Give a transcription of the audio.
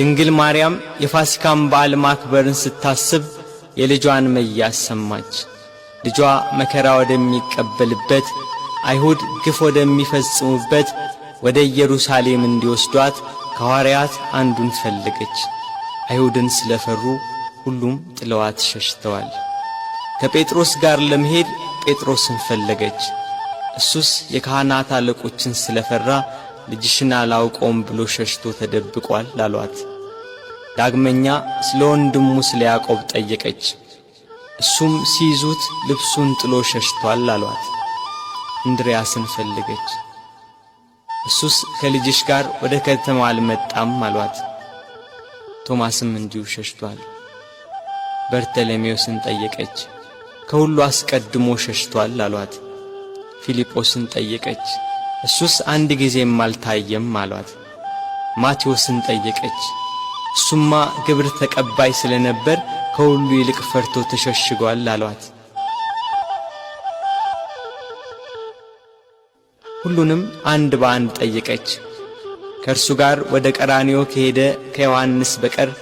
ድንግል ማርያም የፋሲካን በዓል ማክበርን ስታስብ የልጇን መያዝ ሰማች። ልጇ መከራ ወደሚቀበልበት አይሁድ ግፍ ወደሚፈጽሙበት ወደ ኢየሩሳሌም እንዲወስዷት ከሐዋርያት አንዱን ፈለገች። አይሁድን ስለፈሩ ሁሉም ጥለዋት ሸሽተዋል። ከጴጥሮስ ጋር ለመሄድ ጴጥሮስን ፈለገች። እሱስ የካህናት አለቆችን ስለፈራ ልጅሽን አላውቀውም ብሎ ሸሽቶ ተደብቋል ላሏት። ዳግመኛ ስለ ወንድሙ ስለ ያዕቆብ ጠየቀች። እሱም ሲይዙት ልብሱን ጥሎ ሸሽቷል አሏት። እንድርያስን ፈለገች። እሱስ ከልጅሽ ጋር ወደ ከተማ አልመጣም አሏት። ቶማስም እንዲሁ ሸሽቷል። በርተለሜዎስን ጠየቀች። ከሁሉ አስቀድሞ ሸሽቷል አሏት። ፊልጶስን ጠየቀች። እሱስ አንድ ጊዜም አልታየም አሏት። ማቴዎስን ጠየቀች። እሱማ ግብር ተቀባይ ስለነበር ከሁሉ ይልቅ ፈርቶ ተሸሽጓል አሏት። ሁሉንም አንድ በአንድ ጠየቀች። ከእርሱ ጋር ወደ ቀራኒዮ ከሄደ ከዮሐንስ በቀር